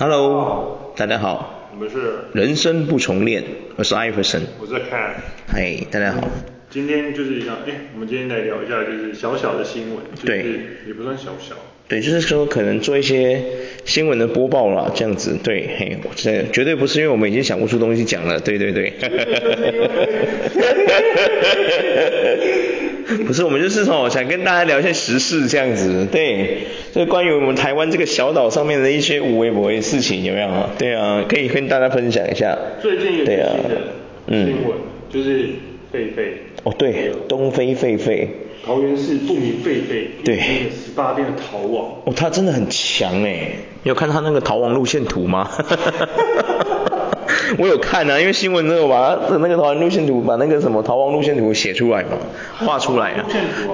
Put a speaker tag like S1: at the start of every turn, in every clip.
S1: Hello，、oh, 大家好。我們是。人生不重練，我是 Iverson。我是 Cat。嗨、hey,，大家好。今天就
S2: 是一
S1: 樣，哎、欸，我們今天來聊
S2: 一下，就是小小的新聞。對、就是。也不算小小。
S1: 對，就是說可能做一些新聞的播報啦，這樣子。對，嘿，我這絕對不是因為我們已經想不出東西講了。對對對。
S2: 哈哈哈哈哈
S1: 哈。不是，我們就是說想跟大家聊一下時事這樣子，對，這關於我們台灣這個小島上面的一些無微博的事情有沒有？對啊，可以跟大家分享一下。最近有一個新聞，
S2: 就是狒狒。
S1: 哦對，東非狒狒。
S2: 桃園是不明狒狒。對。十八天的逃亡。
S1: 哦，他真的很強哎，有看他那個逃亡路線圖嗎？ 我有看啊，因為新聞都有把那個逃亡路線圖，把那個什麼逃亡路線圖寫出來嘛，畫出來啊。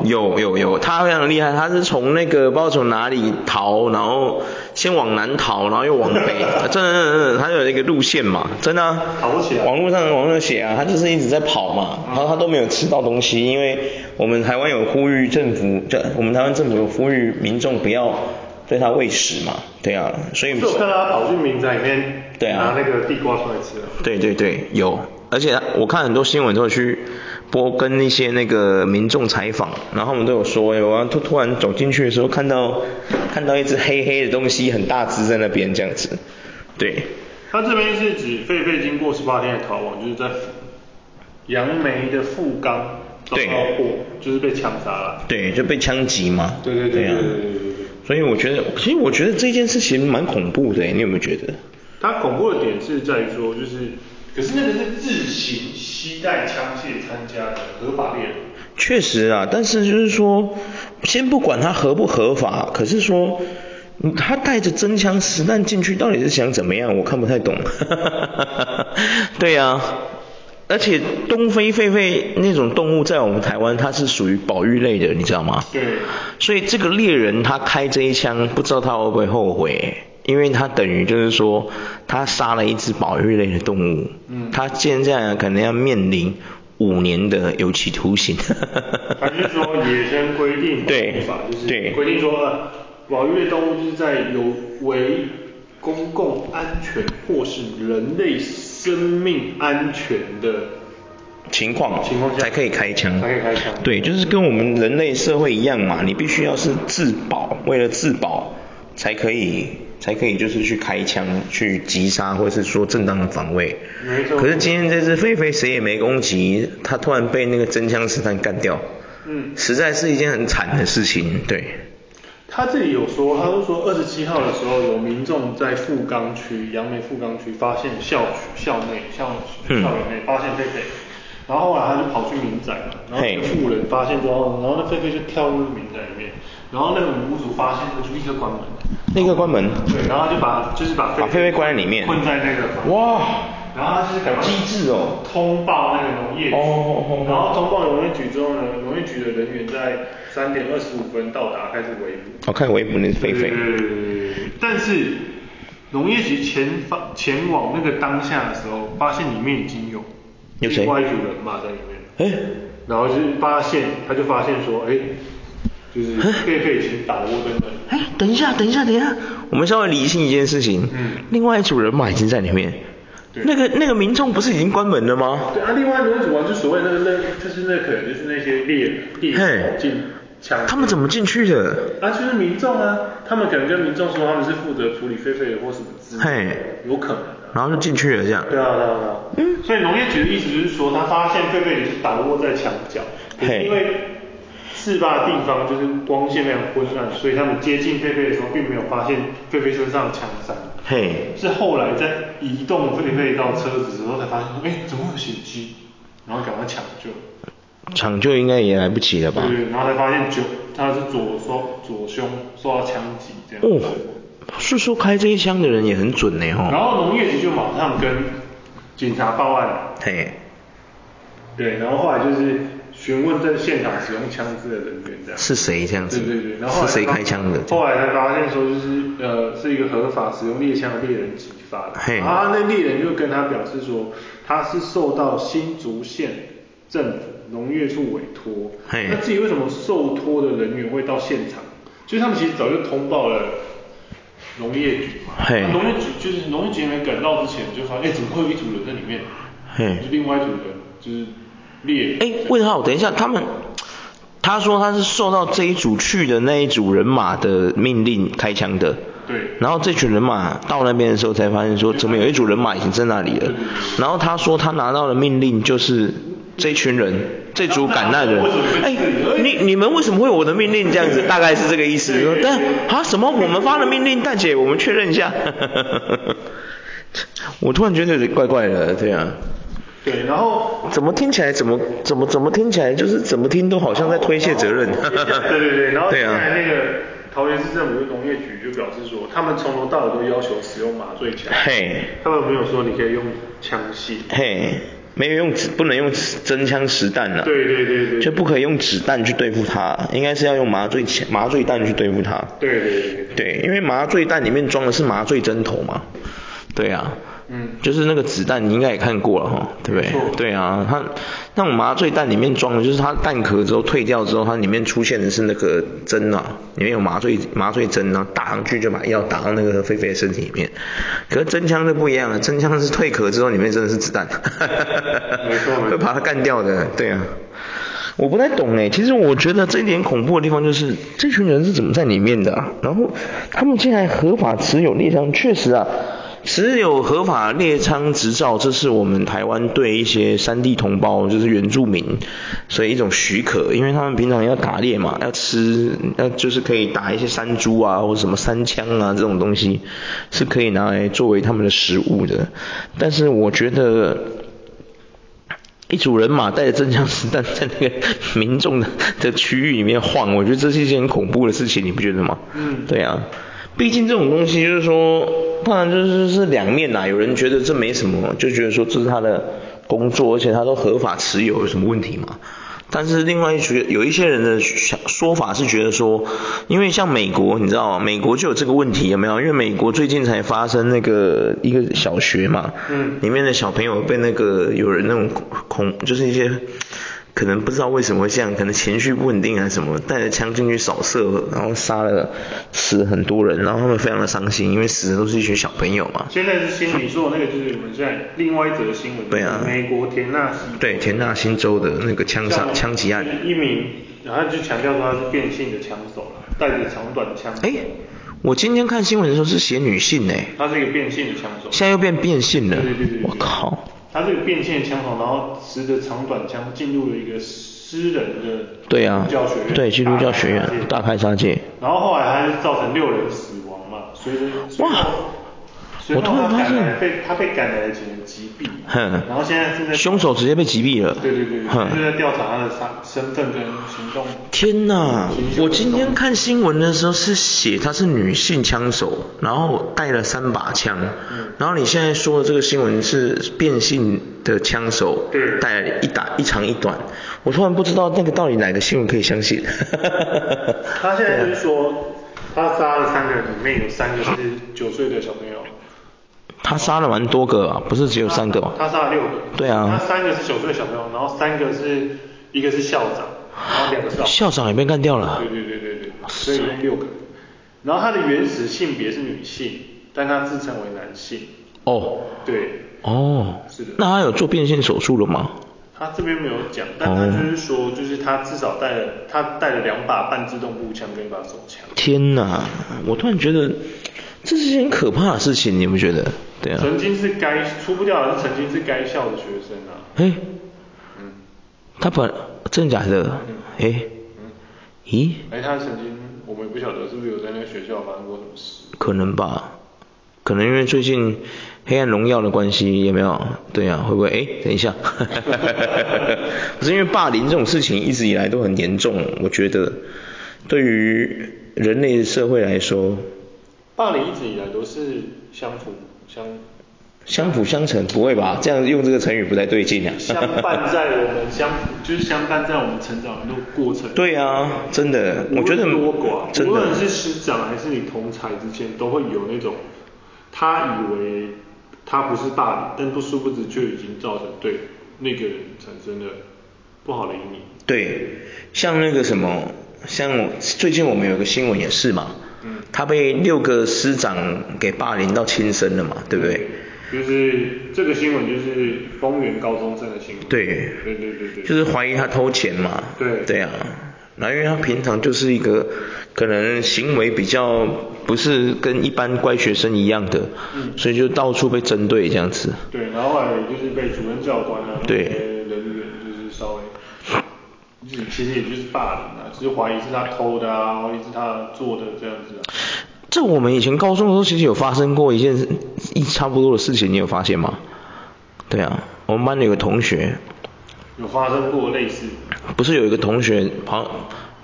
S1: 有有有，他非常厲害，他是從那個不知道從哪裡逃，然後先往南逃，然後又往北，啊、真的真的他有一個路線嘛，真的、啊跑起來啊。網絡上網絡寫啊，他就是一直在跑嘛，然後他都沒有吃到東西，因為我們台灣有呼籲政府，就我們台灣政府呼籲民眾不要。被他餵食嘛，對啊，
S2: 所以就看他跑去民宅裡面，對啊，拿那個地瓜出來吃
S1: 了，對、啊、對對對，有，而且我看很多新聞都有去播跟那些那個民眾採訪，然後我們都有說，哎、啊，我突突然走進去的時候，看到看到一隻黑黑的東西，很大隻在那邊這樣子。對，
S2: 他這邊是指狒狒經過十八天的逃亡，就是在楊梅的富岡遭，就是被槍殺了。
S1: 對，就被槍擊嘛。對對對對對、啊。對對對對對。所以我覺得，其實我覺得這件事情蠻恐怖的，你有沒有覺得？
S2: 它恐怖的點是在於說，就是，可是那個是自行攜帶槍械參加的合法獵
S1: 人，確實啊，但是就是說，先不管它合不合法，可是說，他帶着真槍實彈進去，到底是想怎麼樣？我看不太懂。 對呀、啊。而且東非狒狒那種動物在我們台灣它是屬於保育類的，你知道嗎？對。所以這個獵人他開這一槍，不知道他會不會後悔，因為他等於就是說他殺了一隻保育類的動物，嗯，他現在可能要面臨五年的有期徒刑。還是
S2: 說野生規定法，對，就是規定說了保育類動物就是在有違公共安全或是人類死，生
S1: 命安全的情況情況下，才可以開槍，才可以開槍，對，就是跟我們人類社會一樣嘛，你必須要是自保，為了自保才可以才可以就是去開槍去擊殺或者是說正當的防衛。沒錯。可是今天這只狒狒誰也沒攻擊，它突然被那個真槍實彈幹掉，嗯，實在是一件很慘的事情，對。
S2: 他這裡有說，他是說二十七號的時候，有民眾在富岡區楊梅富岡區發現校區校內，像校、嗯、校園內發現狒狒，然後後來他就跑去民宅，然後富人發現之後，然後那狒狒就跳入民宅裡面，然後那個屋主發現他就立刻關門，
S1: 立、那、刻、個、關門，對，然後就把
S2: 就是把把狒狒
S1: 關在裡面，困在
S2: 那個哇。然後他是剛剛好機智哦，通報那個農業局，oh, oh, oh, oh, oh. 然後通報農業局之後呢，農業局的人員在三點二十五分到達開始圍
S1: 捕。我、oh, 看圍捕那是狒狒。
S2: 但是農業局前方前往那個當下的時候，發現裡面已經有有誰另外一組人馬在裡面。誒然後就是發現他就發現說，哎，就是狒狒已經打窩燈了。哎，等一下，等一下，等一下，
S1: 我們稍微理清一件事情。嗯。另外一組人馬已經在裡面。那個那個民眾不是已經關門了嗎？
S2: 對啊，另外那種啊，就所謂的那個那，就是那可能就是那些獵獵捕進牆，他們怎麼進去的？啊，就是民眾啊，他們可能跟民眾說他們是負責處理狒狒的或什麼之類的，有可
S1: 能。然後就進去了這樣。對啊，
S2: 對啊，對啊、嗯。所以農業局的意思就是說，他發現狒狒也是倒臥在牆角，因為。事發的地方就是光線非常昏暗，所以他們接近狒狒的時候，並沒有發現狒狒身上的槍傷。嘿、hey.，是後來在移動狒狒到車子之後，才發現說、欸，怎麼有血跡？然後趕快搶救。
S1: 搶救應該也來不及了吧？對，對，對，然後
S2: 才發現就，他是左手左胸受到槍擊，這
S1: 樣。哦、oh,，是說開這一槍的人也很準呢，吼。然後
S2: 農業局就馬上跟警察報案。嘿、hey.。對，然後後來就是。詢問在現場使用槍支的人員這
S1: 樣，是誰這樣子？對對對，然後是誰開槍的？
S2: 後來才發現說，就是呃是一個合法使用獵槍的獵人擊發的。嘿，啊那獵人就跟他表示說，他是受到新竹縣政府農業處委託。嘿、hey.，那自己為什麼受託的人員會到現場？Hey. 就是他們其實早就通報了農業局嘛。嘿、hey.，農業局就是農業局沒趕到之前就說，哎，怎麼會有一組人在裡面？嘿、hey.，就另外一組人就是。哎，
S1: 問號，等一下，他們他說他是受到這一組去的那一組人馬的命令開槍的。對。然後這群人馬到那邊的時候，才發現說怎麼有一組人馬已經在那裡了。然後他說他拿到的命令就是這一群人，這組趕難人。哎，你你們為什麼會有我的命令這樣子？大概是這個意思。說，但啊什麼？我們發了命令，大姐，我們確認一下。 我突然覺得有點怪怪的，對啊。對，然後怎麼聽起來怎麼怎麼怎麼，怎麼聽起來就是怎麼聽都好像在推卸責任，哦哦哦嗯 對
S2: 啊。對對對，然後現在那個桃園市政府的農業局就表示說， 啊、他們從頭到尾都要求使用麻醉槍，hey, 他們沒有說你可以用槍械，嘿、hey, 沒
S1: 有用子，不能用真槍實彈吶，啊， 對，對，對，對，對，對，對，對對對對，就不可以用子彈去對付他，應該是要用麻醉槍、麻醉彈去對付他，對，對對對，對，因為麻醉彈裡面裝的是麻醉針頭嘛，對呀、啊。嗯，就是那個子彈，你應該也看過了哈，對不對？嗯、對啊，它那種麻醉彈裡面裝的就是它彈殼之後退掉之後，它裡面出現的是那個針啊，裡面有麻醉麻醉針，然後打上去就把藥打到那個狒狒的身體裡面。可是真槍就不一樣了，真槍是退殼之後裡面真的是子彈，哈哈哈哈哈沒錯， 會把它幹掉的，對啊。我不太懂哎，其實我覺得這一點恐怖的地方就是這群人是怎麼在裡面的、啊，然後他們竟然合法持有獵槍，確實啊。持有合法獵槍執照，這是我們台灣對一些山地同胞，就是原住民，所以一種許可，因為他們平常要打獵嘛，要吃，那就是可以打一些山豬啊，或者什麼山羌啊這種東西，是可以拿來作為他們的食物的。但是我覺得，一組人馬帶着真槍實彈在那個民眾的的區域裡面晃，我覺得這是一件很恐怖的事情，你不覺得嗎？嗯，對啊。畢竟這種東西就是說，當然就是是兩面啦。有人覺得這沒什麼，就覺得說這是他的工作，而且他都合法持有，有什麼問題嘛？但是另外一群有一些人的說法是覺得說，因為像美國，你知道嗎？美國就有這個問題，有沒有？因為美國最近才發生那個一個小學嘛，嗯，裡面的小朋友被那個有人那種恐，就是一些。可能不知道為什麼會這樣，可能情緒不穩定還是什麼，帶着槍進去掃射，然後殺了死很多人，然後他們非常的傷心，因為死的都是一群小朋友嘛。
S2: 現在是心女座那個，就是我們現在另外一則新聞。對啊。美國田納
S1: 西。對，田納西州的那個槍殺槍擊案。一名，
S2: 然後就強調說他是變性的槍手，帶着長短槍。哎、欸，
S1: 我今天看新聞的時候是寫女性哎、
S2: 欸，他是一個變性的槍手。
S1: 現在又變變性了。對對
S2: 對，對，對。我靠。他這個變的槍口，然後持着長短槍進入了一個私人的對啊，對基督教學院、
S1: 啊、大開殺、殺、殺戒，
S2: 然後後來還是造成六人死亡嘛，所以說哇他我突然發現，被他被趕來的只能擊斃，哼、嗯，然後現在現在
S1: 兇手直接被擊斃了。對對對，
S2: 正、嗯、在調查他的身份跟行動。
S1: 天吶，我今天看新聞的時候是寫她是女性槍手，
S2: 然後帶了
S1: 三把槍，嗯，然後你現在說的這個新聞是變性的槍手，
S2: 對，帶一打
S1: 一長一短。我突然不知道那個到底哪個新聞可以相信。 他
S2: 現在就是說，他殺了三個人，裡面有三個是九歲的小朋友。
S1: 他殺了蠻多個啊，不是只有三個嗎？他殺了六個。對啊。他三
S2: 個是九歲小朋友，然後三個是一個是校長，然後兩個是。
S1: 校長也被幹掉了。對對對
S2: 對對，oh, 所以六個。然後他的原始性別是女性，但他自稱為男性。哦、oh.。對。
S1: 哦、oh.。是的。那他有做變性手術了嗎？
S2: 他這邊沒有講，但他就是說，就是他至少帶了、oh. 他帶了兩把半自動步槍跟一把手
S1: 槍。天哪，我突然覺得。這是一件可怕的事情，你不覺得？對啊。曾經
S2: 是該出不掉了，的，曾經是該校的學生啊。哎、欸。
S1: 嗯。他本，真的假的？嗯。嗯、欸。咦。哎，他
S2: 曾經我們也不曉得是不是有在那個學校
S1: 發生過什麼事。可能吧。可能因為最近黑暗榮耀的關係，有沒有？對啊，會不會？哎、欸，等一下。哈哈哈哈哈哈！可是因為霸凌這種事情一直以來都很嚴重，我覺得對於人類的社會來說。
S2: 霸凌一直以來都是相輔相
S1: 相輔相成，不會吧？這樣用這個成語不太對勁啊。相伴在我們相，
S2: 就是相伴在我們成長的路
S1: 過程。對啊，真的，我覺得很多寡真的，無論是
S2: 師長還是你同儕之間，都會有那種他以為他不是霸凌，但不殊不知就已經造成對那個人產生了不好的陰影。
S1: 對，像那個什麼，像最近我們有個新聞也是嘛。他被六個師長給霸凌到輕生了嘛，對不對？
S2: 就是這個新聞，就是豐原高中生的新聞。對，對對對對。就是
S1: 懷疑他偷錢嘛。對。對啊，然後因為他平常就是一個可能行為比較不是跟一般乖學生一樣的，嗯。所以就到處被針對這樣子。
S2: 對，然後後來也就是被主任教官啊。對。其實也就是霸凌，啊，只、就是懷疑是他偷的啊，懷疑是他做的這樣
S1: 子啊。這我們以前高中的時候其實有發生過一件一差不多的事情，你有發現嗎？對啊，我們班裡有個同學。
S2: 有發生過類似。
S1: 不是有一個同學旁。啊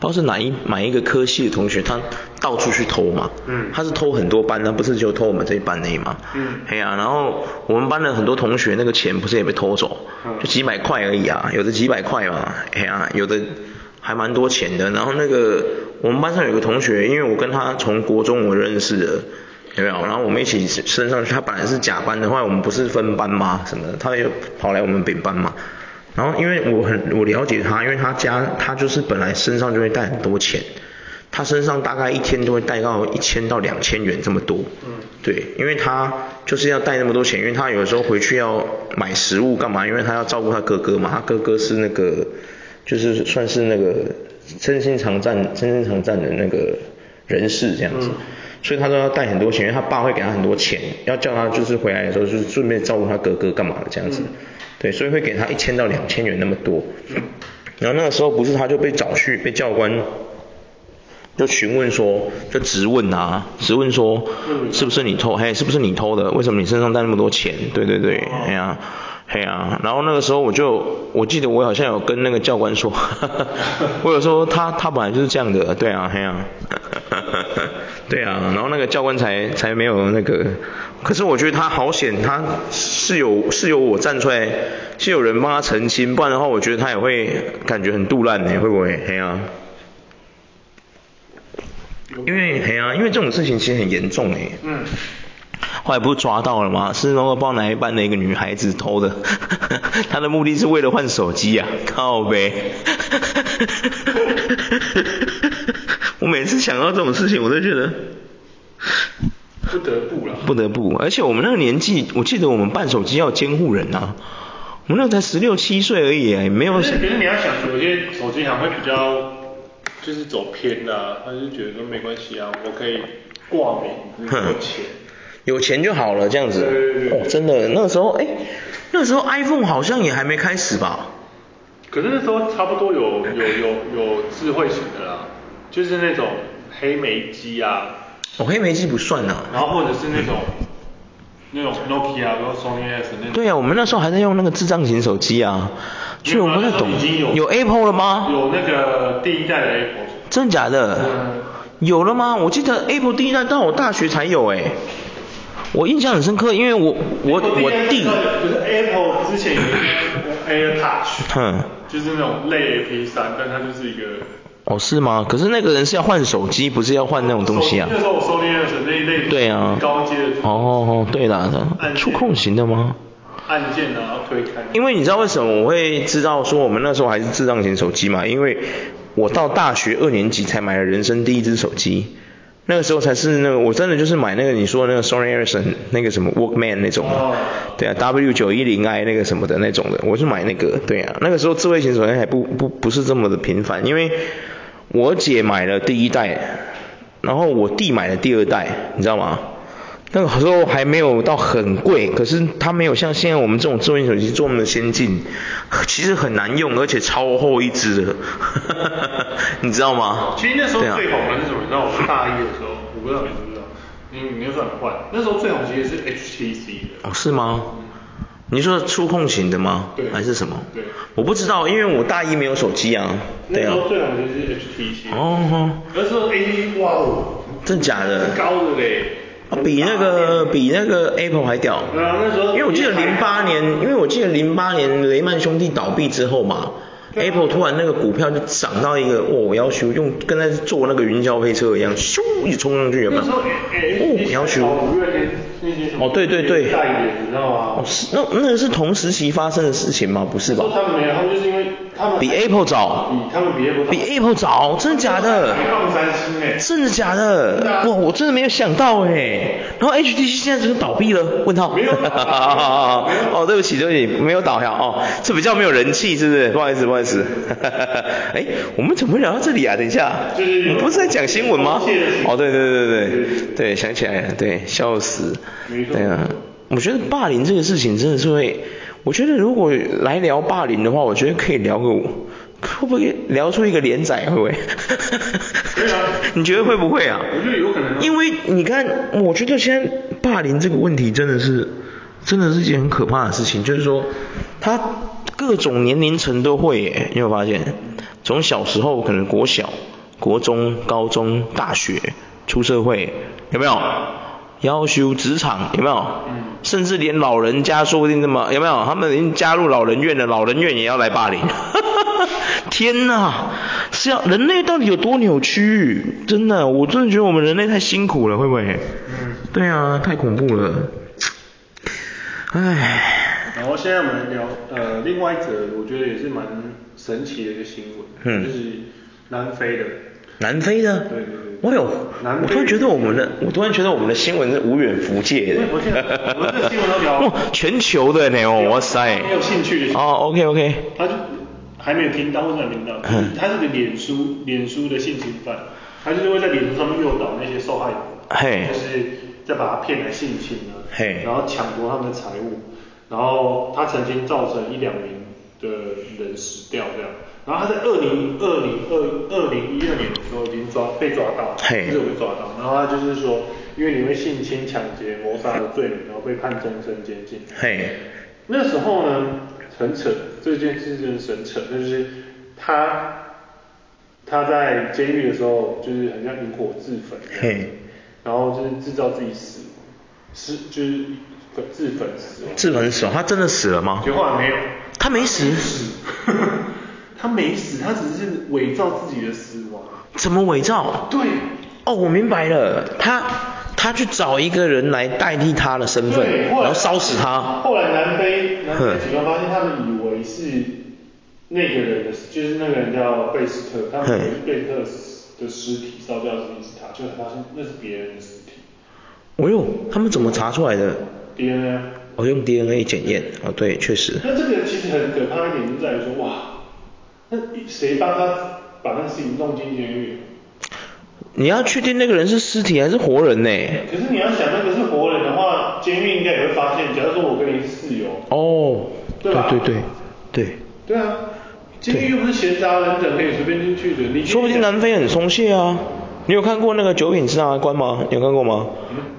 S1: 不知道是哪一哪一個科系的同學，他到處去偷嘛。嗯。他是偷很多班，他不是就偷我們這一班的嘛。嗯。哎呀，然後我們班的很多同學那個錢不是也被偷走，就幾百塊而已啊，有的幾百塊嘛。哎呀，有的還蠻多錢的。然後那個我們班上有個同學，因為我跟他從國中我認識的，有沒有？然後我們一起升上去，他本來是甲班的，後來我們不是分班嗎？什麼的？他又跑來我們丙班嘛。然後因為我很我了解他，因為他家他就是本來身上就會帶很多錢，他身上大概一天就會帶到一千到兩千元這麼多。嗯。對，因為他就是要帶那麼多錢，因為他有時候回去要買食物幹嘛，因為他要照顧他哥哥嘛，他哥哥是那個就是算是那個身心障礙身心障礙的那個人士這樣子、嗯，所以他都要帶很多錢，因為他爸會給他很多錢，要叫他就是回來的時候就是順便照顧他哥哥幹嘛的這樣子。嗯對，所以會給他一千到兩千元那麼多。然後那個時候不是他就被找去，被教官就詢問說，就質問他、啊，質問說、嗯，是不是你偷？哎，是不是你偷的？為什麼你身上帶那麼多錢？對對對，哎、哦、呀。黑呀、啊，然後那個時候我就，我記得我好像有跟那個教官說， 我有說他他本來就是這樣的，對啊對啊， 對啊，然後那個教官才才沒有那個，可是我覺得他好險，他是有是由我站出來，是有人幫他澄清，不然的話我覺得他也會感覺很杜爛哎，會不會黑啊？
S2: 因為、啊、因
S1: 為這種事情其實很嚴重嗯後來不是抓到了嗎？是那個報哪一班的一個女孩子偷的， 他的目的是為了換手機啊，靠北！ 我每次想到這種事情，我都覺得不得不了，不得不。而且我們那個年紀，我記得我們辦手機要監護人吶、啊，我們那才十六七歲而已、啊，也沒有想。可是，可是你要想，
S2: 有些手機行會比較就是走偏的啊。他就覺得說沒關係啊，我可以掛名，沒有錢。
S1: 有錢就好了，這樣子對對對對哦，真的，那個、時候哎、欸，那個、時候 iPhone 好像也還沒開始吧？
S2: 可是那時候差不多有有有有智慧型的啦，就是那種黑莓機啊。
S1: 哦，黑莓機不算啊。然後或
S2: 者是那種、嗯、那種 Nokia、Sony S 那種
S1: 對啊我們那時候還在用那個智障型手機啊，所以我們在懂那有。有 Apple 了嗎？有那個
S2: 第一代的 Apple。
S1: 嗯、真的假的、嗯？有了嗎？我記得 Apple 第一代到我大學才有哎、欸。我印象很深刻，因為我我、Apple、我弟，就
S2: 是 Apple 之前一個 Air Touch，就是那種類 A P 三，但它就是一
S1: 個，哦是嗎？可是那個人是要換手機，不是要換那種東西啊。類
S2: 類西對啊，高
S1: 階的，哦哦對啦的，觸控型的嗎？
S2: 按鍵的然後推開。因為你知
S1: 道為什麼我會知道說我們那時候還是智障型手機嘛？因為我到大學二年級才買了人生第一只手機。那個時候才是那個，我真的就是買那個你說的那個 Sony Ericsson 那個什麼 Walkman 那種的，對啊 W910i 那個什麼的那種的，我是買那個，對啊，那個時候智慧型手機還不不不是這麼的頻繁，因為我姐買了第一代，然後我弟買了第二代，你知道嗎？那個時候還沒有到很貴，可是，它沒有像現在我們這種智能手機這麼的先進，其實很難用，而且超厚一隻，的、嗯、 你知道嗎、哦？其實那時候最好玩是什麼？你知道我嗎？大一的時候，我不知道你知不知道？知道知
S2: 道知道 你
S1: 你要算很壞，那時候最好紅機是 HTC 的。哦，是嗎？嗯、你說觸控型的嗎？還是什麼？我不知道，因為我大一沒有手機啊，啊。那時
S2: 候最紅機是 HTC。哦哦。那時候 HTC，哇
S1: 哦！真假的？高對不比那個比那個 Apple 還屌，
S2: 因為我記得零八
S1: 年，因為我記得零八年雷曼兄弟倒閉之後嘛，Apple 突然那個股票就漲到一個，哦，我要求用跟在坐那個雲霄飛車一樣，咻一衝上去，了嘛，哦，我要求，
S2: 哦，對對對，
S1: 那那是同時期發生的事情嗎？不是吧？
S2: 比 Apple 早，比他們比 Apple, 比 Apple 早，真的假的？
S1: 真的假的，嗯？哇，我真的沒有想到哎，欸。然後 HTC 現在怎麼倒閉了？問號？沒有，哈哈哈哈哈。哦，對不起對不起，沒有倒掉哦，哦，哦，哦，這比較沒有人氣是不是？不好意思不好意思，哈哈哈哈，哎，我們怎麼會聊到這裡啊？等一下，我們不是在講新聞嗎？哦對對對對對，想起來了，對，笑死。對啊，我覺得霸凌這個事情真的是會。我覺得如果來聊霸凌的話，我覺得可以聊個，會不會聊出一個連載？會不會？ 啊、你覺得會不會啊？我覺得有可能啊。因為你看，我覺得現在霸凌這個問題真的是，真的是一件很可怕的事情。就是說，他各種年齡層都會耶，你有沒有發現，從小時候可能國小、國中、高中、大學、出社會，有沒有？夭壽職場有沒有，嗯？甚至連老人家說不定這麼有沒有？他們已經加入老人院了，老人院也要來霸凌。 天哪！是要人類到底有多扭曲？真的，我真的覺得我們人類太辛苦了，會不會？嗯。對啊，太恐怖了。唉。然後現在
S2: 我們聊呃，另外一則我覺得也是蠻神奇的一個新聞，嗯、就是南非的。南非呢我有，
S1: 對對對喲，南非我突然覺得我們的，我突然覺得我們的新聞是無遠弗屆的，我，我們的新聞都比較，哇，哦，全球的，哎呦，哇塞，沒有
S2: 興趣的，哦，OK OK，他就還沒有聽到或者沒聽到，嗯，他是個臉書，臉書的性侵犯，他就是會在臉書上面誘導那些受害者，嘿就是在把他騙來性侵啊，嘿，然後搶奪他們的財物，然後他曾經造成一兩名的人死掉這樣。然後他在二零二零二二零一二年的時候已經抓被抓到了，就、hey. 是被抓到，然後他就是說，因為你會性侵、搶劫、謀殺的罪名，然後被判終身監禁。嘿、hey.，那時候呢很扯，這件事真的很扯，就是他他在監獄的時候，就是很像引火自焚，嘿、hey.，然後就是制造自己死，是，就是自焚死了。自
S1: 焚死了，他真的死了嗎？結果沒
S2: 有，他沒死。 他沒死，他只是偽造自己
S1: 的死亡。怎麼偽造？對，哦，我明白了，他他去找一個人來代替他的身份，然後燒死他。後來南非南非警
S2: 方發現，他們以為是那個人的，就是那個人叫貝斯特，他們以為是貝斯特的，的屍體燒掉的是他，就發現那是別人
S1: 的屍體。哦、哎、呦，他們怎麼查出來的
S2: ？DNA。
S1: 哦，用 DNA 檢驗啊、哦，對，確實。那這個其實很可怕的一點就是、
S2: 在於說，哇。那誰幫他把那個屍體弄進監獄？
S1: 你要確定那個人是屍體還是活人呢、欸？可是你要想，那個
S2: 是活人的話，監獄應該也會發現。假如說我跟你是室友，哦，對吧？
S1: 對、啊、對對對。對，
S2: 對啊，監獄又不是閒雜人等、等可以隨便進去的。說不
S1: 定南非很鬆懈啊。你有看過那個九品芝麻官嗎？有看過嗎？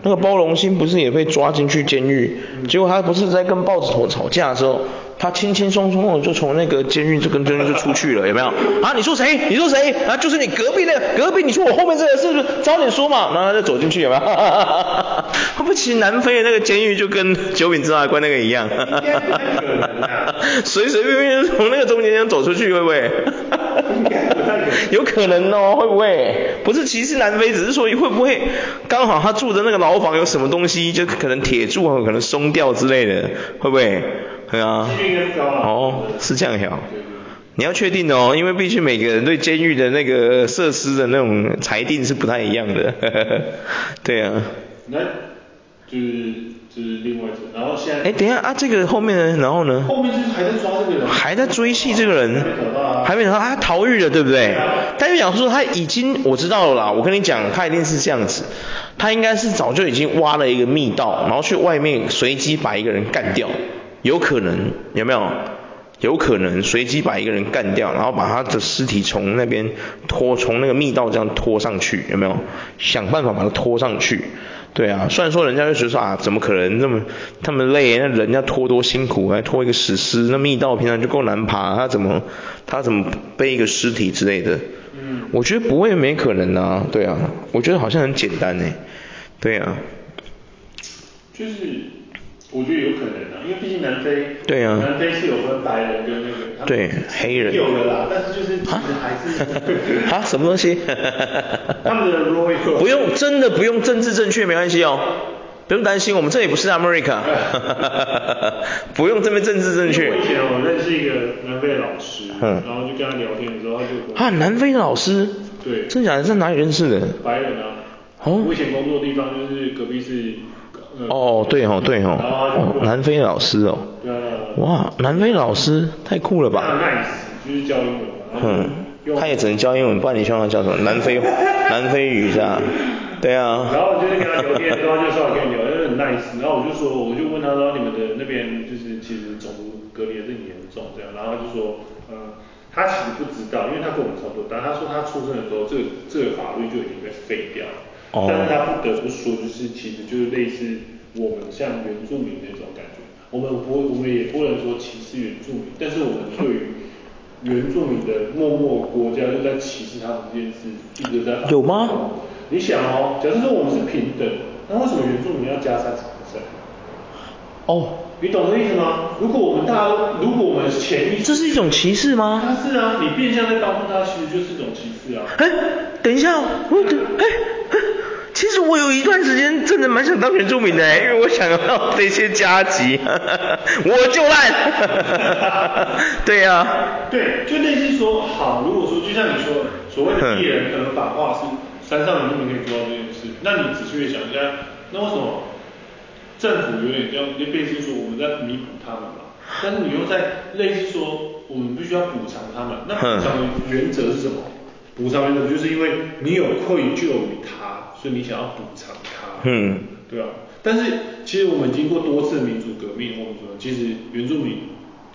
S1: 那個包龍星不是也被抓進去監獄，結果他不是在跟豹子頭吵架的時候，他輕輕鬆鬆的就從那個監獄就跟監獄就出去了，有沒有？啊，你說誰？你說誰？啊，就是你隔壁那隔壁，你說我後面這個是不是？早點說嘛，然後再走進去，有沒有？哈哈哈，哈。他不，其實南非的那個監獄就跟九品芝麻官那個一樣，啊，隨 隨便便從那個中間走出去，會不會？不可 有可能哦，會不會？不是歧視南非，只是說會不會剛好他住的那個牢房有什麼東西，就可能鐵柱可能鬆掉之類的，會不會？對啊， 哦，是這樣呀。你要確定哦，因為畢竟每個人對監獄的那個設施的那種裁定是不太一樣的。 對啊。
S2: 就是就是另外一種，然後現在哎，等一下啊，這個後面呢，然後呢？後面就是還在抓這個人，還在
S1: 追戲這個人，還沒找到啊，還沒找到啊，逃獄了對不對？對啊，但是想說他已經，我知道了啦，我跟你講，他一定是這樣子，他應該是早就已經挖了一個密道，然後去外面隨機把一個人幹掉，有可能有沒有？有可能隨機把一個人幹掉，然後把他的屍體從那邊拖，從那個密道這樣拖上去，有沒有？想辦法把他拖上去。對啊，雖然說人家就覺、是、得啊，怎麼可能那麼他們累，那人家拖多辛苦，還拖一個死屍，那密道平常就夠難爬，他怎麼他怎麼背一個屍體之類的？嗯，我覺得不會沒可能啊。對啊，我覺得好像很簡單呢。對啊，就是。
S2: 我覺得有可能啊，因為畢竟南非，對啊，南非是有分白人跟那個
S1: 對黑人，有的啦，但是就是你還是啊 什麼東西， 他們的克不用真的不用政治正確沒關係哦，
S2: 不用擔心，我們這也
S1: 不是 America， 不用這邊政治正確。我以前我認識一個南
S2: 非的老師，嗯，然後就跟他聊天的
S1: 時候他就啊南非的老師，對，真假的在哪裡認識的人？白
S2: 人啊、哦，我以前工作的地方就是隔壁是。嗯、哦，
S1: 對哦對吼，哦吼，南非老師哦、喔啊啊，哇，南非老師，太酷了吧 nice，
S2: 就是教？嗯，他也只能
S1: 教英文，不然你希望他叫什麼？南非， 南非語是吧？對啊。然後就是給他留言，然後就是說，給他留言很 nice，
S2: 然後我就說，我就問他說，你們的那邊就是其實種族隔離的這麼嚴重，這樣，然後就說，嗯，他其實不知道，因為他跟我們差不多大，但他說他出生的時候，這個這個法律就已經被廢掉了。但是他不得不說，就是其實就是類似我們像原住民那種感覺，我們不，我們也不能說歧視原住民，但是我們對於原住民的默默的國家就在歧視他們這件事，一直在有嗎？你想哦，假如說我們是平等，那為什麼原住民要加三十個稅？哦，oh，你懂這意思嗎？如果我們大家，如果我們潛意識這是
S1: 一種歧視嗎？他是啊，你變
S2: 相在告訴他，其實就是一種歧視啊。
S1: 哎，等一下，我哎哎。其實我有一段時間真的蠻想當原住民的，欸，因為我想要這些加級，我就爛。
S2: 對呀，啊，對，就類似說，好，如果說就像你說，所謂的獵人可能把話是山上人根本做到這件事，那你仔細的想一下，那為什麼政府有點這樣，就變成說我們在彌補他們嘛？但是你又在類似說我們必須要補償他們，那補償的原則是什麼？補償原則就是因為你有愧疚於他，所以你想要補償
S1: 他嗯。嗯，
S2: 對啊。但是其實我們經過多次民主革命或者說，其實原住民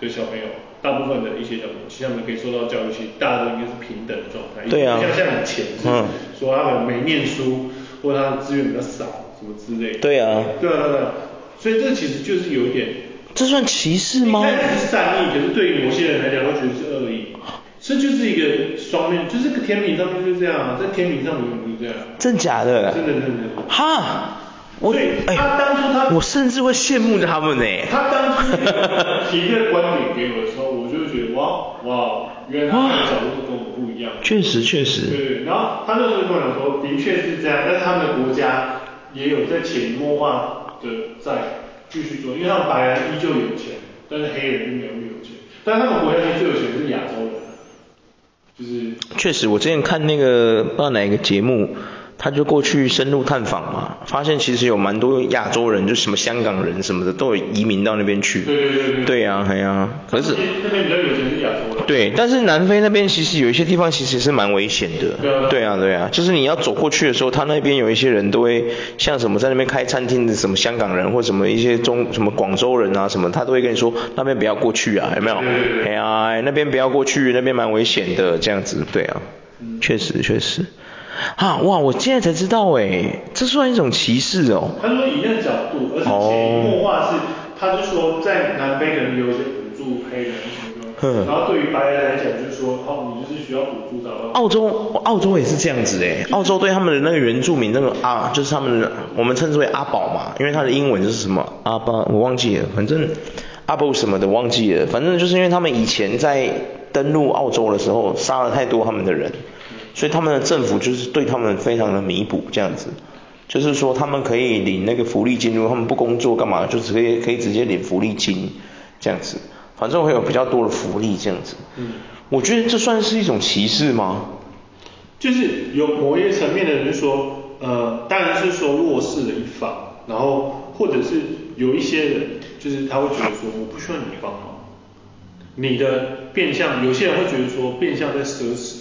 S2: 的小朋友，大部分的一些小朋友，其實他們可以受到教育期，其實大家都應該是平等的狀態。對啊。不像以前是，說他們沒念書，嗯、或者他的資源比較少什麼之類對啊。對啊，對啊，對啊。所以這其實就是有一點，這算歧視嗎？一是善意，可是對於某些人來講，他覺得是惡意。這就是一個雙面，就是個甜品上不就是這樣嗎？在甜品上面不是
S1: 這樣，啊是這樣啊。真假
S2: 的？啊？真的真的。哈，所以我他當初他，哎，我
S1: 甚至會羨慕他們呢。他當
S2: 初提一個觀點給我的時候，我就會覺得哇哇，原來他的角度跟我們不一樣。啊，確實確實。對對，然後他那時候跟我講說，的確是這樣，但他們的國家也有在潛移默化的在繼續做，因為他們白人依舊有錢，但是黑人就沒有那麼有錢，但他們國家最有錢是亞洲人。
S1: 嗯，確實，我之前看那個不知道哪一個節目。他就過去深入探訪嘛，發現其實有蠻多亞洲人，就什麼香港人什麼的，都有移民到那邊去。對，對，對，對，對啊呀，哎呀、啊，可是，可能是那邊
S2: 比較有錢是亞洲人。
S1: 對，但是南非那邊其實有一些地方其實是蠻危險的。對啊。對啊，就是你要走過去的時候，他那邊有一些人都會，像什麼在那邊開餐廳的什麼香港人或什麼一些中什麼廣州人啊什麼，他都會跟你說那邊不要過去啊，有沒有？哎呀、啊，那邊不要過去，那邊蠻危險的，這樣子，對啊。確實，確實。哈哇！我現在才知道哎，這算一種歧視哦、喔。
S2: 他說以那個角度，而且潛移默化是，他就說在南非可能有些補助黑人的，然後對於白人來講就是說，哦，你就是需要補助，助。
S1: 澳洲澳洲也是這樣子哎、就是，澳洲對他們的那個原住民那個阿，就是他們我們稱之為阿寶嘛，因為他的英文就是什麼阿巴，我忘記了，反正阿寶什麼的忘記了，反正就是因為他們以前在登陸澳洲的時候殺了太多他們的人。所以他們的政府就是對他們非常的彌補這樣子，就是說他們可以領那個福利金，如果他們不工作幹嘛，就只可以可以直接領福利金這樣子，反正會有比較多的福利這樣子。嗯，我覺得這算是一種歧視嗎？
S2: 就是有某一個層面的人說，呃，當然是說弱勢的一方，然後或者是有一些人就是他會覺得說我不需要你幫忙，你的變相有些人會覺得說變相在奢侈。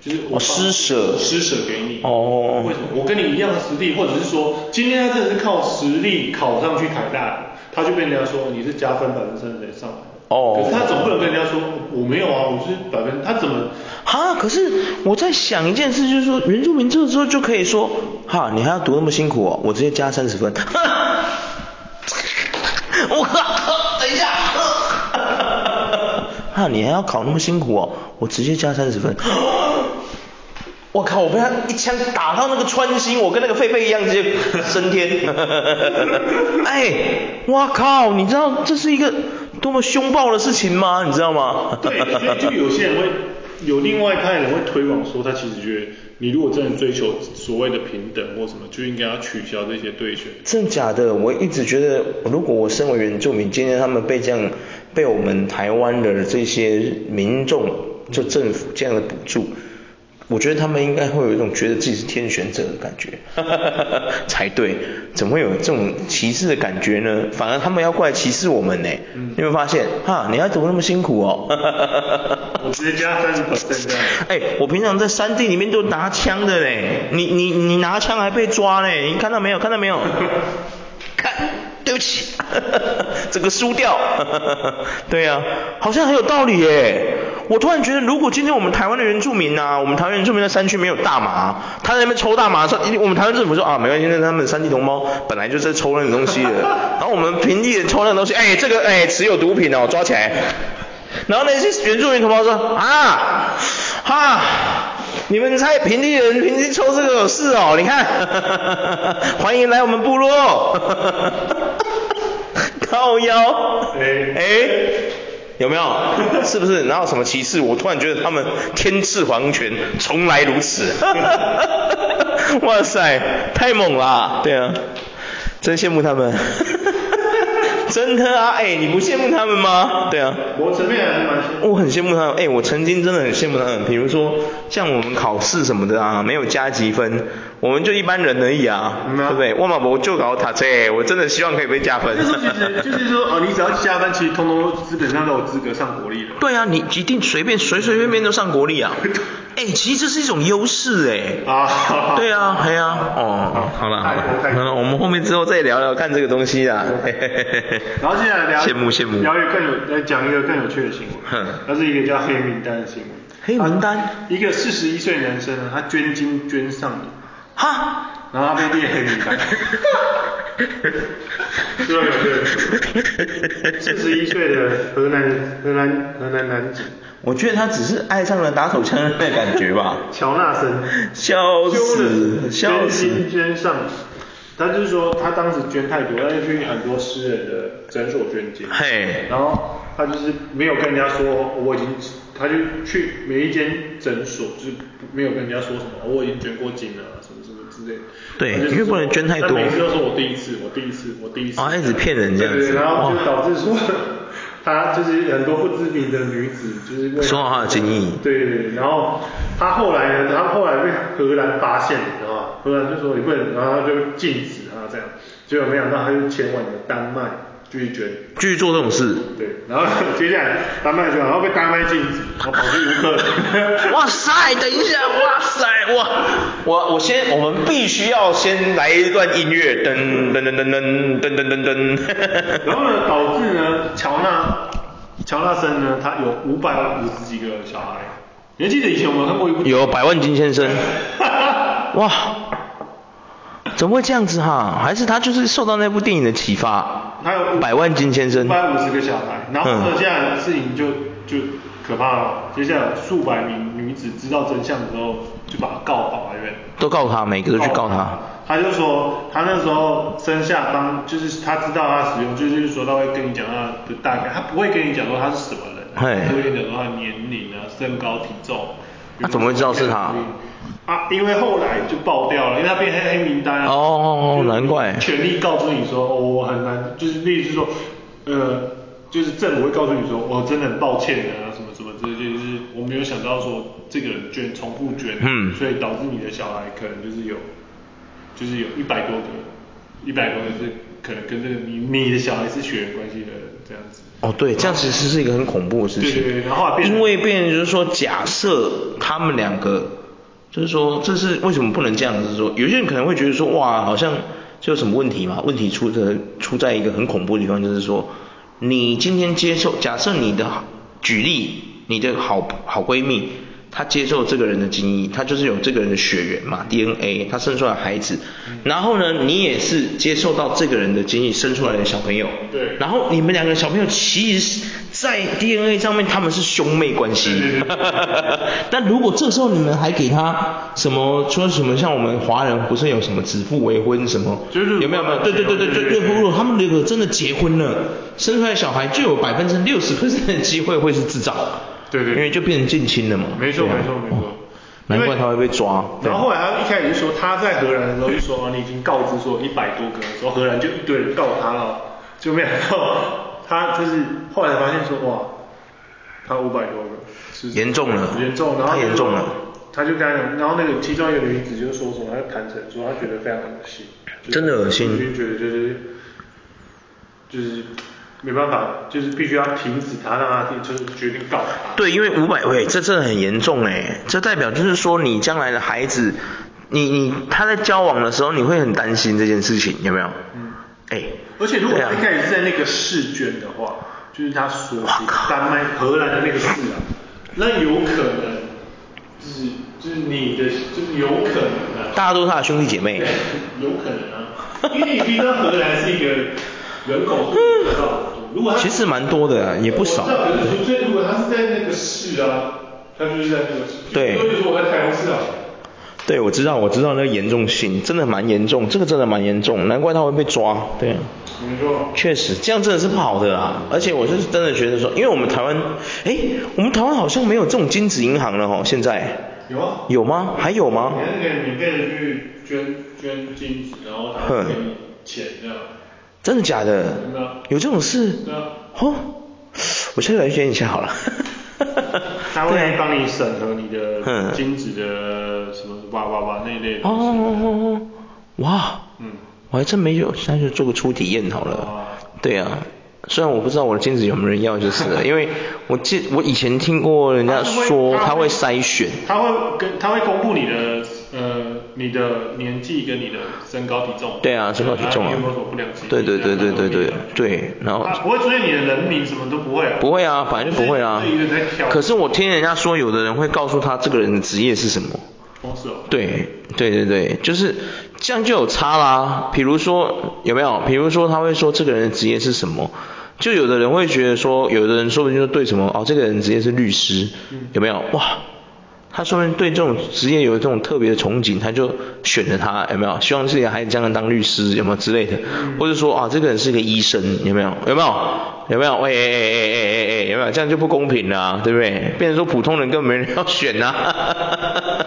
S2: 就是我、哦、施捨，我施捨給
S1: 你哦。為什麼？哦、
S2: 我跟你一樣的實力，或者是說，今天他真的是靠實力考上去台大的，他就被人家說你是加分百分之三十上來。哦。可是他總不能跟人家說我沒有啊，我是百分，他怎麼？
S1: 哈，可是我在想一件事，就是說原住民這個時候就可以說，哈，你還要讀那麼辛苦哦，我直接加三十分。 我靠，等一下。 哈，你還要考那麼辛苦哦，我直接加三十分。 我靠！我被他一槍打到那個穿心，我跟那個狒狒一樣直接升天。 哎，哇靠！你知道這是一個多麼兇暴的事情嗎？你知道嗎？對，所
S2: 以就有些人會有另外一派人會推廣說，他其實覺得你如果真的追求所謂的平等或什麼，就應該要取消這些對決。
S1: 真的假的？我一直覺得，如果我身為原住民，今天他們被這樣被我們台灣的這些民眾、就政府這樣的補助。我覺得他們應該會有一種覺得自己是天選者的感覺， 才對。怎麼會有這種歧視的感覺呢？反而他們要過來歧視我們呢？嗯、你會發現？哈，你要怎麼那麼辛苦哦？哈哈哈哈哈！
S2: 我直接加三十
S1: 顆星的。哎、欸，我平常在山地裡面都拿槍的嘞，你你你拿槍還被抓嘞，你看到沒有？看到沒有？ 看。對不起，這個輸掉，對呀、啊，好像很有道理耶。我突然覺得，如果今天我們台灣的原住民啊，我們台灣原住民的山區沒有大麻，他在那邊抽大麻，上我們台灣政府說啊，沒關係，那他們山地同胞本來就是在抽那種東西的。 然後我們平地人抽那種東西，哎，這個哎持有毒品哦，抓起來。然後那些原住民同胞說啊，哈、啊，你們猜平地人平地抽這個有事哦，你看，歡迎來我們部落。 招妖，哎，有沒有？ 是不是？哪有什麼歧視？我突然覺得他們天賜皇權，從來如此。 哇塞，太猛啦，啊！對啊，真羨慕他們。 真的啊，哎、欸，你不羨慕他們嗎？對啊，我我很羨慕他們，哎、欸，我曾經真的很羨慕他們。比如說像我們考試什麼的啊，沒有加幾分，我們就一般人而已啊，對不對？我馬博就搞塔車，我真的希望可以被加分。就是、就是、就是說， 哦，你只要加
S2: 分，其實通通基本上都有資格上國立。對啊，你
S1: 一定隨便隨隨便便都上國立啊。 哎、欸，其實這是一種優勢哎。啊，啊，啊，對啊，對啊，好哦。好了好，啦好，好，啦好，好我了我們後面之後再聊聊看這個東西啦。
S2: 嘿嘿嘿嘿然後接下來聊羨慕羨慕，聊，聊有一個更有，來講一個更有趣的新聞。他、嗯、是一個叫黑名單的新聞。黑名單，一個四十一歲男生呢，他捐精捐上了，哈，然後他被列黑名單。 對、啊、對、啊、對、啊，四十一歲的河南河南河南男子。
S1: 我覺得他只是愛上了打手槍的感覺吧。喬納森，笑死，笑死。
S2: 捐上，他就是說他當時捐太多，他就去很多私人的診所捐精。嘿，然後他就是沒有跟人家說我已經，他就去每一間診所就是沒有跟人家說什麼我已經捐過精了什麼什麼之類。對，因為不能捐太多。每次都是我第一次，我第一次，我第一次。啊、哦，他一直騙人家，哦。然後就導致說。他就是很多不知名的女子，就是說話很有經驗，對，對，對，對，對，然後他後來呢？他後來被荷蘭發現了，了知道吧，荷蘭就說你不能，然後就禁止他這樣，結果沒想到他就前往了丹麥。繼續捐，繼續做這種事。對，對，然後接下來丹麥捐，然後被丹麥禁止，然後跑去
S1: 烏克蘭，哇塞，等一下，哇塞，哇，我我先，我們必須要先來一段音樂，噔噔噔噔噔噔噔噔。然
S2: 後呢，導致呢，喬納喬納森呢，他有五百五十幾個小孩。你還記得以前我們看過一部？有百萬金先生。
S1: 哇，怎麼會這樣子哈？還是他就是受到那部電影的啟發？他有 5, 百萬金先生，五百五十個小孩，然後呢，接下來的
S2: 事情就、嗯、就可怕了。接下來數百名女子知道真相之後，就把他告到法院，
S1: 都告他，每一個都去告他。
S2: 他就說，他那時候生下剛，就是他知道他使用，就是說他會跟你講他的大概，他不會跟你講說他是什麼人，他不會跟你講說他的年齡啊、身高、體重。
S1: 他、啊、怎麼會知道是他？
S2: 啊，因為後來就爆掉了，因為他變黑黑名單哦哦
S1: 哦，難怪。全力告
S2: 訴你說、哦，我很難，就是例如說，呃，就是政府會告訴你說，我真的很抱歉啊，什麼什麼，類，就是我沒有想到說這個人捐重複捐、嗯，所以導致你的小孩可能就是有，就是有一百多個，一百多個是可能跟這個你你的小孩是血緣關係的這
S1: 樣子。哦，對，這樣其實是一個很恐怖的事情。對對對，然後變成因為變成就是說，假設他們兩個。就是說，這是為什麼不能這樣？就是說，有些人可能會覺得說，哇，好像就有什麼問題嘛？問題出的出在一個很恐怖的地方，就是說，你今天接受，假設你的舉例，你的好好閨蜜，她接受這個人的基因，她就是有這個人的血緣嘛，DNA，她生出來的孩子，然後呢，你也是接受到這個人的基因，生出來的小朋友，對，然後你們兩個小朋友其實在 DNA 上面他們是兄妹關係。是是是，呵呵呵，但如果這時候你們還給他什麼說什麼像我們華人不是有什麼指腹為婚什麼？就是有沒有沒有？對對對對對對。如果他們如果真的結婚了，生出來小孩就有百分之六十個人的機會會是智障。對，對對。因為就變成近親了嘛。沒錯、啊、沒錯、哦、沒錯。難怪他會被抓。然
S2: 後後來他一開始就說他在荷蘭的時候就說、 哦、你已經告知說一百多個，說荷蘭就一堆人告他了，就沒有。他就是後來發現說，哇，他五百多
S1: 個，嚴重了，嚴重，太嚴、那個、重了。
S2: 他就跟他講，然後那個其中一個女子就說什麼，他就坦承說，說他覺得非常噁心，真的噁心。我就覺得就是就是沒辦法，就是必須要停止他，讓他就是決定告。對，因為五百位這
S1: 真的很嚴重哎，這代表就是說你將來的孩子，你你他在交往的時候你會很擔心這件事情有沒有？嗯
S2: 哎、欸，而且如果他一開始在那個試卷的話，啊、就是他說是丹麥、荷蘭的那個市啊，那有可能，就是就是你的，就是有可能
S1: 啊。大家都是他的兄弟姐妹。有
S2: 可能啊， 因為你聽到荷蘭是一個人口數量、嗯，其
S1: 實蠻多的、啊，也不少。所以如果他是在那個市啊，他就
S2: 是在那個市，所以說我在台灣市啊。
S1: 對，我知道，我知道那個嚴重性，真的蠻嚴重，這個真的蠻嚴重，難怪他會被抓。對啊，嚴重。確實，這樣真的是不好的啊。而且我是真的覺得說，因為我們台灣，哎，我們台灣好像沒有這種精子銀行了哦，現在。有啊。有嗎？還有嗎？你，別
S2: 人去捐捐精子，然後他給你錢,錢這
S1: 樣。真的假的,真的？有這種事？真的。吼、哦，我下次來捐一下好了。
S2: 他會
S1: 幫你審核你的精子的什麼哇哇哇，那類的哦 哇，嗯，我還真沒有，現在就做個初體驗好了。對啊，雖然我不知道我的精子有沒有人要就是了， 因為我記我以前聽過人家說他會篩選，他會他
S2: 會，他會跟他會公布你的。呃，你的年紀跟你的身高體重。對啊，對啊身高體重啊
S1: 有有。對對對對對對對,對,對,對,對,對。然後。不會
S2: 出現你的人名什麼都不會、啊。不會啊，反正不會啊。可是
S1: 我聽人家說，有的人會告訴他這個人的職業是什麼。哦是哦、對對對對，就是這樣就有差啦。比如說有沒有？比如說他會說這個人的職業是什麼？就有的人會覺得說，有的人說不定就對什麼哦，這個人的職業是律師，嗯、有沒有哇？他說明對這種職業有一種特別的憧憬，他就選了他，有沒有？希望自己的孩子將來當律師，有沒有之類的？或者說啊，這個人是個醫生，有沒有？有沒有？有沒有？哎哎哎哎哎哎，有沒有？這樣就不公平了啊，對不對？變成說普通人根本沒人要選啊！哈哈哈哈哈。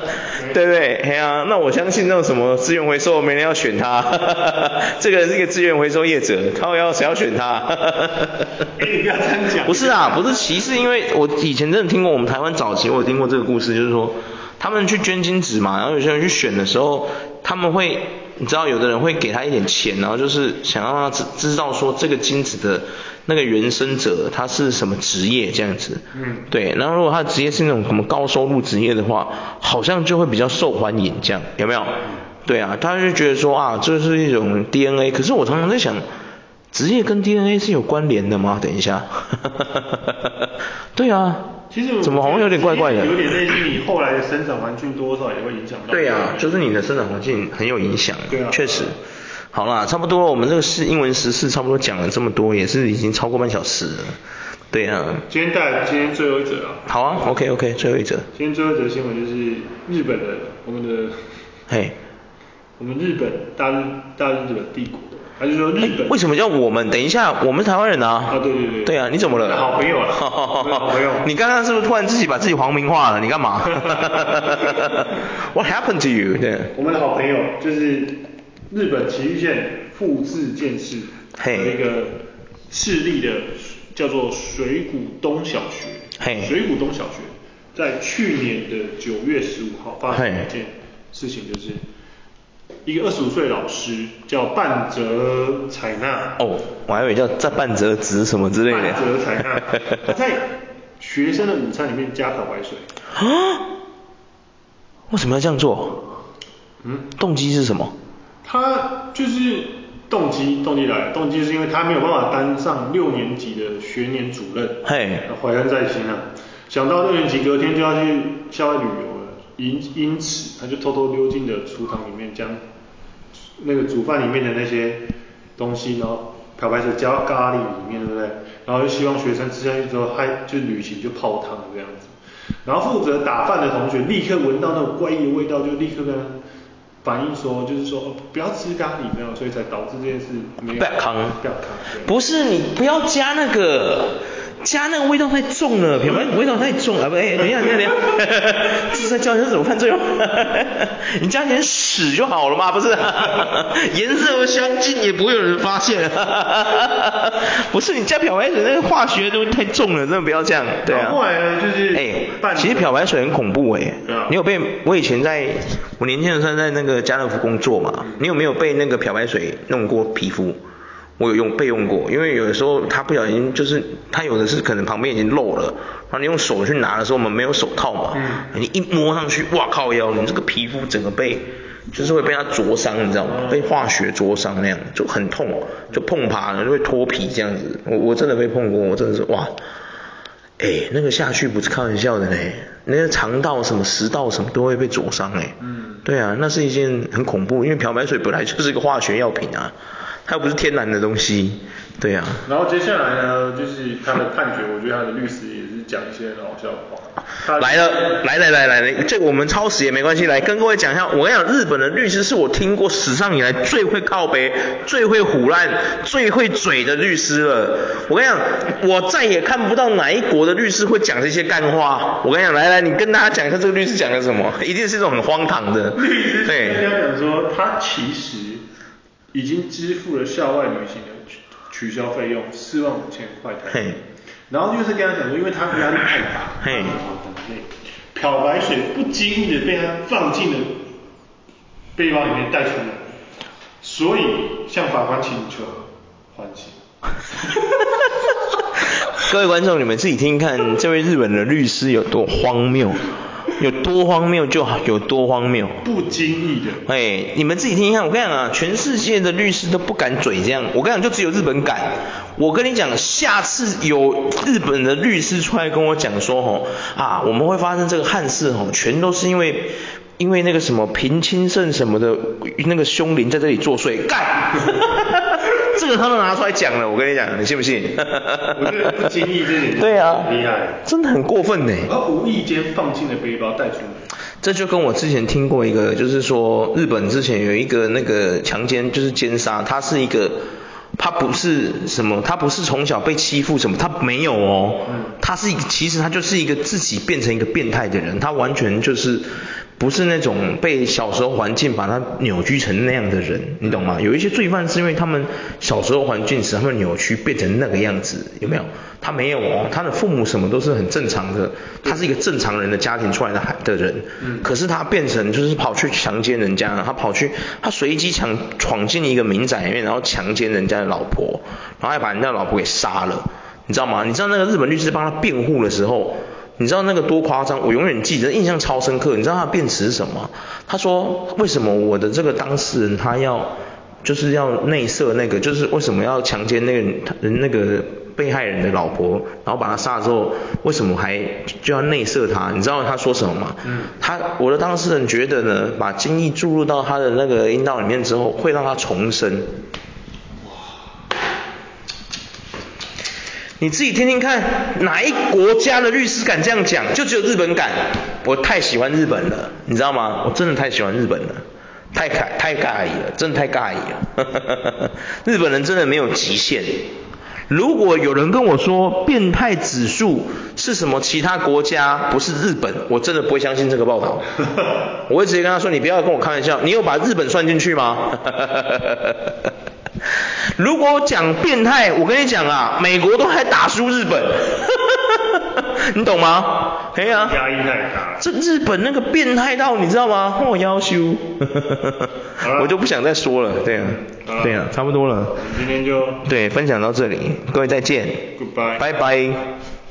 S1: 對不對？呀、啊，那我相信那種什麼資源回收，沒人要選他。 這個是一個資源回收業者，他要誰要選他？ 欸、你不要這樣講，不不是啊，不是歧視，因為我以前真的聽過我們台灣早期，我有聽過這個故事，就是說他們去捐精子嘛，然後有些人去選的時候，他們會你知道，有的人會給他一點錢，然後就是想讓他知知道說這個精子的。那個原生者，他是什麼職業這樣子？嗯、對。然後如果他的職業是那種什麼高收入職業的話，好像就會比較受歡迎這樣，有沒有？嗯、對啊，大家就覺得說啊，這是一種 DNA。可是我常常在想，職業跟 DNA 是有關聯的嗎？等一下。哈哈哈哈哈哈。嗯嗯、 對啊。其
S2: 實怎麼好像有點怪怪的。有點類似你後來的生長環境多少也會影響到對對。對啊，就是你的
S1: 生長環境很有影響，嗯啊、確實。好了，差不多，我們這個是英文時事，差不多講了這麼多，也是已經超過半小時了。對啊，今天
S2: 帶，今天最後一則啊。
S1: 好啊，OK OK，最後一則。今天最後一則新聞
S2: 就是日本的，我們的。
S1: 嘿、hey。
S2: 我們日本大日大日本帝國，還是說日本、欸？為
S1: 什麼叫我們？等一下，我們是台灣人啊。啊，對對對。對啊，你怎麼了？好朋友
S2: 了、啊， 好朋友、啊。 你剛剛是不是突然自己把自己皇民化了？你幹嘛
S1: ？What happened to you？對
S2: 我們的好朋友就是。日本埼玉縣富士見市嘿，一個市立的叫做水谷東小學，水谷東小學在去年的九月十五號發生了一件事情，就是一個二十五歲的老師叫半澤采納。哦，我
S1: 還以為叫在半澤直什麼之類的，半澤采納，她在
S2: 學生的午餐裡面加漂白水，
S1: 啊？為什麼要這樣做？嗯，動機是什麼？
S2: 他就是動機，動機來了，動機是因為他沒有辦法當上六年級的學年主任，嘿、hey.，懷恨在心啊，想到六年級隔天就要去校外旅遊了，因因此他就偷偷溜進了廚房裡面，將那個煮飯裡面的那些東西，然後漂白水加到咖喱裡面，對不對？然後就希望學生吃下去之後，他就旅行就泡湯了這樣子。然後負責打飯的同學立刻聞到那種怪異的味道，就立刻跟他反應說就是說，不要吃咖喱。沒有，所以才導致這件事沒有。不要扛啊，不要扛，
S1: 對，不是你不要加那個。加那個味道太重了，漂白水味道太重了，不，哎、嗯欸，等一下，等一下，哈哈哈哈！這是在教人怎麼犯罪嗎？哈哈哈哈！你加點屎就好了嘛，不是、啊？哈哈哈哈！顏色相近也不會有人發現，哈哈哈哈！不是，你加漂白水那個化學都太重了，真的不要這樣。對啊，後來就是、欸、其實漂白水很恐怖哎、欸嗯。你有被？我以前在，我年輕的時候在那個家樂福工作嘛，你有沒有被那個漂白水弄過皮膚？我有用備用過，因為有的時候他不小心，就是他有的是可能旁邊已經漏了，然後你用手去拿的時候，我們沒有手套嘛、嗯，你一摸上去，哇，靠腰，你這個皮膚整個被，就是會被它灼傷，你知道嗎？被化學灼傷那樣，就很痛，就碰趴了，就會脫皮這樣子。我我真的被碰過，我真的是哇！哎，那個下去不是開玩笑的嘞，那個腸道什麼食道什麼都會被灼傷哎、欸。嗯，對啊，那是一件很恐怖，因為漂白水本來就是一個化學藥品啊。它又不是天然的東西，對呀、啊。然
S2: 後接下來呢，就是他的判決，我覺得他的律師也是講一些
S1: 很好笑的話。來了，來來來來來，這我們超時也沒關係，來跟各位講一下。我跟你講，日本的律師是我聽過史上以來最會靠北、最會唬爛、最會嘴的律師了。我跟你講，我再也看不到哪一國的律師會講這些幹話。我跟你講，來來，你跟大家講一下這個律師講的什麼，一定是一種很荒唐的律師。
S2: 對，講說，他其實。已經支付了校外旅行的取消費用四萬五千塊台幣，hey. 然後就是跟他講說，因為他壓力太大，hey. 啊，漂白水不經意的被他放進了背包裡面帶出來，所以向法官請求緩刑。
S1: 各位觀眾，你們自己聽看，這位日本的律師有多荒謬。有多荒謬就好有多荒謬，
S2: 不經意的。哎、
S1: hey，你們自己聽一下，我跟你講啊，全世界的律師都不敢嘴這樣，我跟你講就只有日本敢。我跟你講，下次有日本的律師出來跟我講說吼啊，我們會發生這個憾事吼，全都是因為因為那個什麼平清盛什麼的，那個凶靈在這裡作祟，幹！ 這個他都拿出來講了，我跟你講，你信不信？我覺得不經意之舉， 對啊，很厲害，真的很過分哎。他
S2: 無意間放進了背包帶出
S1: 來，這就跟我之前聽過一個，就是說日本之前有一個那個強姦就是姦殺，他是一個，他不是什麼，他不是從小被欺負什麼，他沒有哦，他是一個其實他就是一個自己變成一個變態的人，他完全就是。不是那種被小時候環境把他扭曲成那樣的人，你懂嗎？有一些罪犯是因為他們小時候環境使他們扭曲變成那個樣子，有沒有？他沒有哦，他的父母什麼都是很正常的，他是一個正常人的家庭出來的孩的人，可是他變成就是跑去強姦人家，他跑去他隨機強闖進一個民宅裡面，然後強姦人家的老婆，然後還把人家的老婆給殺了，你知道嗎？你知道那個日本律師幫他辯護的時候，你知道那個多誇張？我永遠記得，印象超深刻。你知道他辯詞是什麼？他說：“為什麼我的這個當事人他要，就是要內射那個，就是為什麼要強姦那個那個被害人的老婆，然後把他殺了之後，為什麼還就要內射他？你知道他說什麼嗎？嗯，他我的當事人覺得呢，把精液注入到他的那個陰道裡面之後，會讓他重生。”你自己聽聽看，哪一國家的律師敢這樣講？就只有日本敢。我太喜歡日本了，你知道嗎？我真的太喜歡日本了，太尬太尬意了，真的太尬意了。 日本人真的沒有極限。如果有人跟我說變態指數是什麼，其他國家不是日本，我真的不會相信這個報道。 我會直接跟他說，你不要跟我開玩笑，你有把日本算進去嗎？ 如果講變態，我跟你講啊，美國都還打輸日本， 你懂嗎？可以啊。這日本那個變態到你知道嗎？我要我就不想再說了。對啊，對啊，差不多了。今天就對分享到這裡，各位再見，Goodbye. 拜拜。